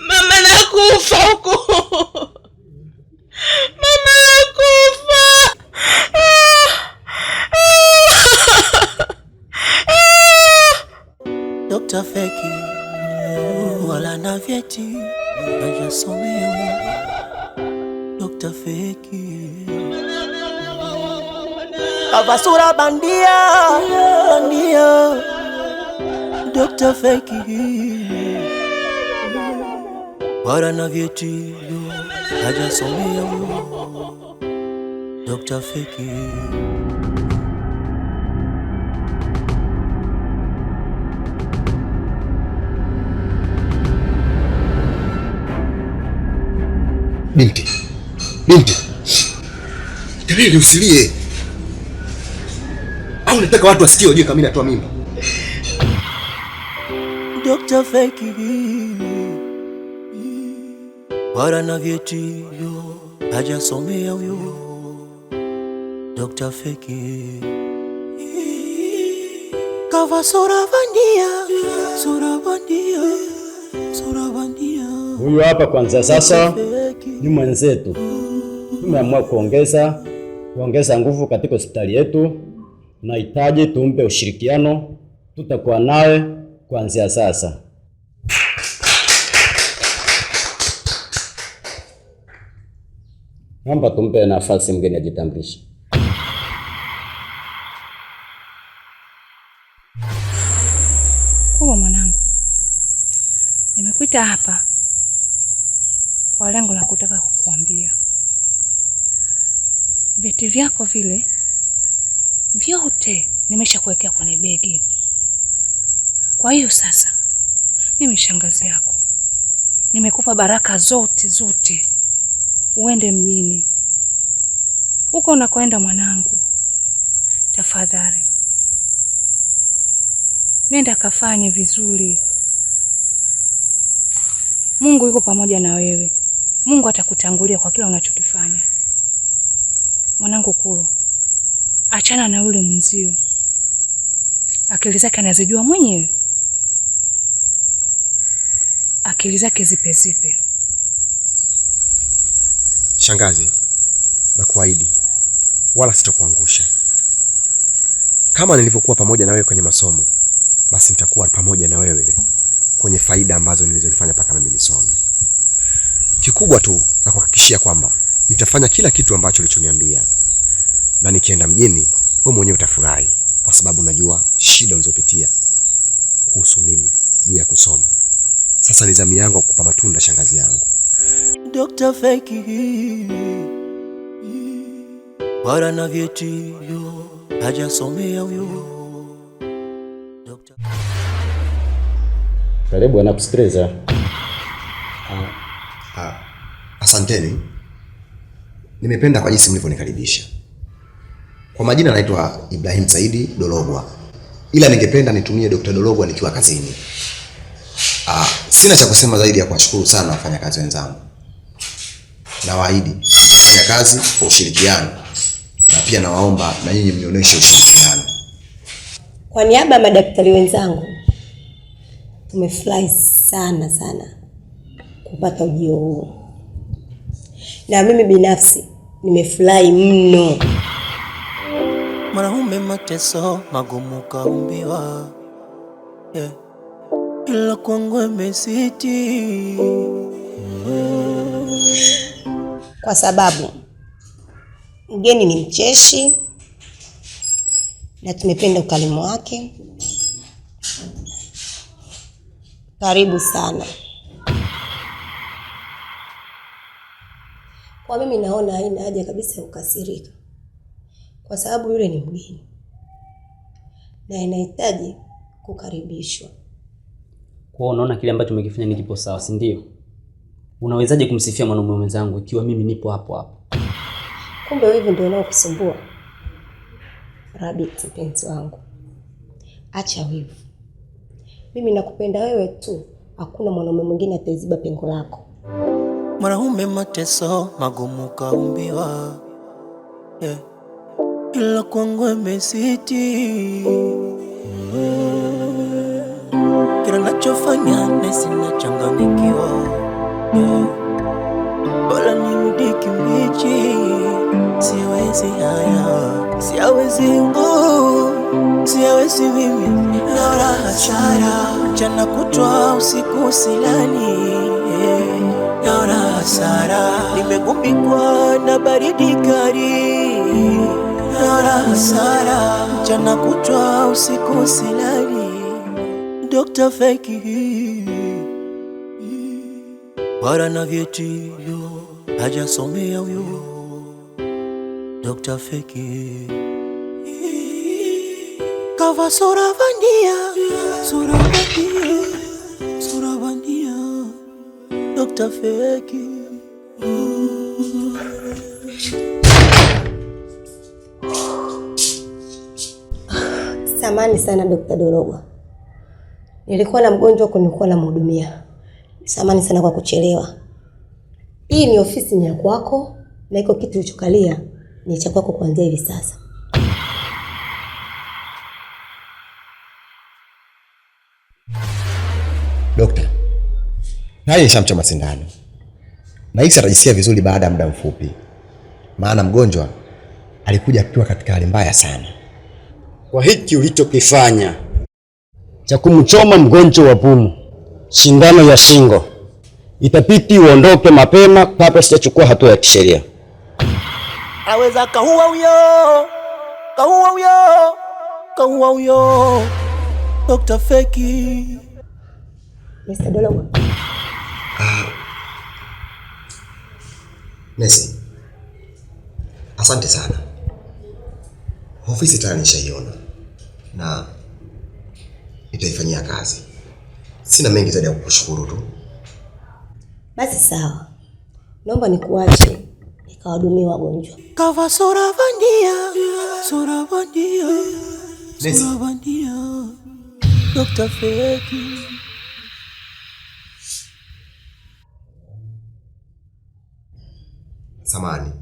Mama nakufa huku, mama nakufa. Dokta feki wala na vyeti hajasomewa. Dokta feki kava sura bandia, bandia. Dokta feki wala na vyeti hajasomea Dr. Feki. Binti, binti, kelele usilie, au nataka watu wasikie wajue kama mimi natoa mimba. Dr. Feki wala na vyeti hajasomea huyo Dr. Feki kava sura bandia, sura bandia, sura bandia. Huyo hapa kwanza sasa ni mwenzetu, tumeamua kuongeza kuongeza nguvu katika hospitali yetu. Nahitaji tumpe ushirikiano, tutakuwa naye kuanzia sasa. Naomba tumpe nafasi mgeni ajitambulishe. Kubwa mwanangu, nimekuita hapa kwa lengo la kutaka kukuambia vyeti vyako vile vyote nimesha kuwekea kwenye begi. Kwa hiyo sasa, mimi shangazi yako nimekupa baraka zote zote uende mjini huko unakoenda, mwanangu, tafadhali nenda kafanye vizuri. Mungu yuko pamoja na wewe. Mungu atakutangulia kwa kila unachokifanya mwanangu. Kulwa, achana na yule mzio, akili zake anazijua mwenyewe, akili zake zipe zipe. Shangazi, na kuahidi wala sitakuangusha. Kama nilivyokuwa pamoja na wewe kwenye masomo, basi nitakuwa pamoja na wewe kwenye faida ambazo nilizonifanya mpaka mimi nisome. Kikubwa tu na kuhakikishia kwamba nitafanya kila kitu ambacho ulichoniambia, na nikienda mjini, wewe mwenyewe utafurahi, kwa sababu unajua shida ulizopitia kuhusu mimi juu ya kusoma. Sasa ni zamu yangu kukupa matunda, shangazi yangu. Dr. Feki wala na vyeti hajasomea huyo. Karibu anakusikiliza. Ah, ah, asanteni, nimependa kwa jinsi mlivyonikaribisha. Kwa majina naitwa Ibrahim Saidi Dologwa, ila ningependa nitumie Dr. Dologwa nikiwa kazini. Ah, sina cha kusema zaidi ya kuwashukuru sana wafanyakazi wenzangu. Nawaahidi kufanya kazi kwa ushirikiano na pia nawaomba na nyinyi mnionyeshe ushirikiano. Kwa niaba ya madaktari wenzangu, tumefurahi sana sana kupata ujio huu, na mimi binafsi nimefurahi mno. Mwanaume mateso magumu kaumbiwa, yeah ila kwangu imesiti, kwa sababu mgeni ni mcheshi na tumependa ukalimu wake. Karibu sana. Kwa mimi naona haina haja kabisa ya kukasirika, kwa sababu yule ni mgeni na inahitaji kukaribishwa. Kwa unaona kile ambacho umekifanya ni kipo sawa, si ndio? Unawezaje kumsifia mwanamume mwenzangu ikiwa mimi nipo hapo hapo? Kumbe wewe ndio unaokusumbua. Rabbit mpenzi wangu. Acha wivu. Mimi nakupenda wewe tu. Hakuna mwanaume mwingine ataziba pengo lako. Mwanaume mateso magumu kaumbiwa. Yeah. Ila kwangu imesiti. Mm kila nachofanya na sina changanikiwa bola ni nirudi mbichi, siwezi haya, siwezi nguvu, siwezi mimi na raha chara, mchana kutwa usiku silani yeah. Naona hasara, nimegumbikwa na baridi kali, naona hasara, mchana kutwa usiku silani dokta feki wala na vyeti hajasomea huyo dokta feki kava sura bandia, sura bandia, sura bandia, dokta feki Samani sana Dokta Dorogwa, Nilikuwa na mgonjwa kunikuwa mhudumia Samani sana kwa kuchelewa. Hii ni ofisi ni ya kwako na iko kitu ulichokalia ni cha kwako kuanzia hivi sasa. Dokta, naye ishamchoma sindano na atajisikia vizuri baada ya muda mfupi, maana mgonjwa alikuja akiwa katika hali mbaya sana. Kwa hiki ulichokifanya cha kumchoma mgonjwa wa pumu, sindano ya shingo. Itabidi uondoke mapema kabla sijachukua hatua ya kisheria. Aweza kahua huyo, kahua huyo, kahua huyo. Dr. Feki. Mr. Dolomo. Ah. Nesi. Asante sana. Ofisi tayari nishaiona. Na nitaifanyia kazi. Sina mengi zaidi ya kukushukuru tu. Basi sawa, naomba nikuache nikawahudumie wagonjwa. Kava sura bandia, sura bandia, sura bandia, Dokta Feki. Samani.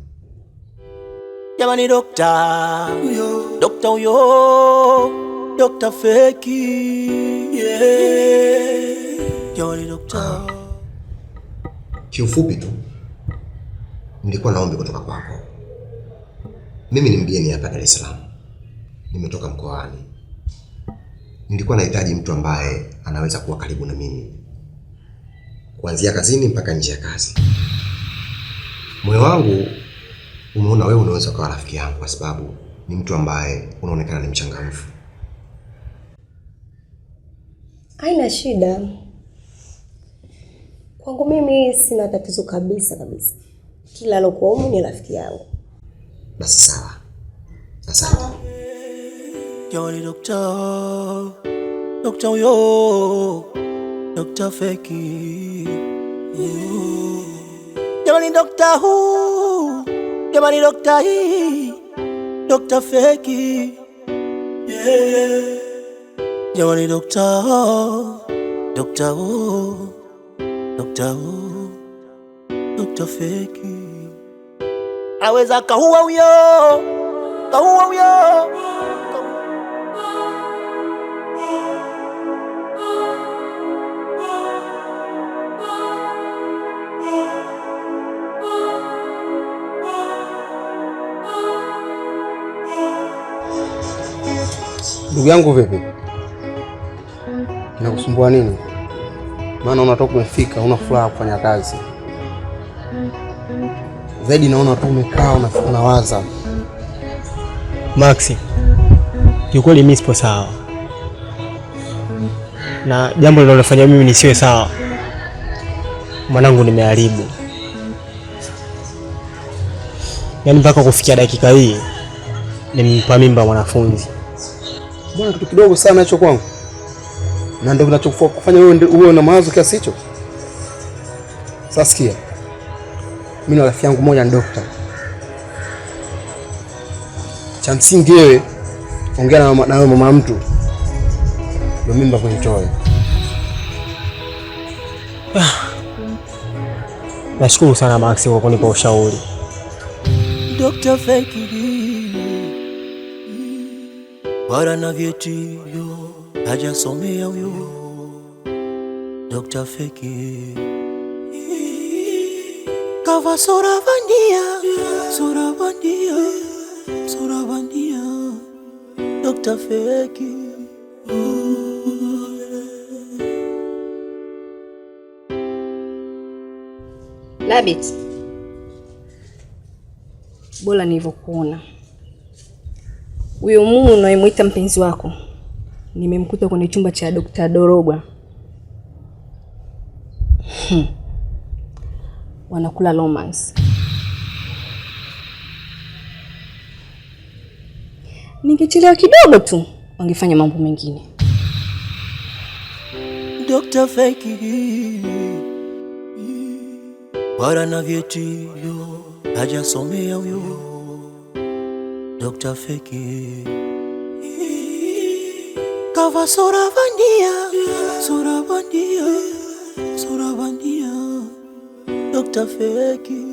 Jamani dokta, dokta huyo Dr. Feki yeah. Jolly Doctor. Ah. Kiufupi tu nilikuwa naombi kutoka kwako. Mimi ni mgeni hapa Dar es Salaam, nimetoka mkoani. Nilikuwa nahitaji mtu ambaye anaweza kuwa karibu na mimi kuanzia kazini mpaka nje ya kazi. Moyo wangu umeona wewe unaweza ukawa rafiki yangu, kwa sababu ni mtu ambaye unaonekana ni mchangamfu Haina shida kwangu, mimi sina tatizo kabisa kabisa. Kila alokuwa humu ni rafiki yangu. Basi sawa, asante. Joli dokta, dokta huyo, dokta feki. Jamani dokta hu, jamani dokta hii, dokta feki. Yeah. Jamani dokta, dokta, dokta, dokta feki aweza kaua huyo, kaua huyo. Ndugu yangu vipi? Inakusumbua nini? Maana unatoka umefika, una furaha kufanya kazi zaidi, naona tu umekaa unawaza. Maxi, kiukweli mimi sipo sawa, na jambo linalofanya mimi nisiwe sawa, mwanangu, nimeharibu yaani, mpaka kufikia dakika hii nimempa mimba mwanafunzi. Bwana, kitu kidogo sana hicho kwangu na ndio kinachokufanya wewe uwe na mawazo kiasi hicho. Sasa sikia, mimi na rafiki yangu mmoja ni dokta. Cha msingi wewe ongea na na mama mtu ndio mimba kunitoe. Nashukuru sana Max kwa kunipa ushauri. Dr. Fekiri. Bara na vyeti hajasomea huyo Dr. Feki kava sura bandia, sura bandia, sura bandia Dr. Feki Labit, bora nilivyokuona huyo mumu unayemwita mpenzi wako nimemkuta kwenye chumba cha Dokta Dorogwa. Hmm. Wanakula romance. Ningechelewa kidogo tu wangefanya mambo mengine. Dokta Feki bora na vyeti hajasomea huyo Dokta Feki. Kava sura bandia, sura Dr. Feki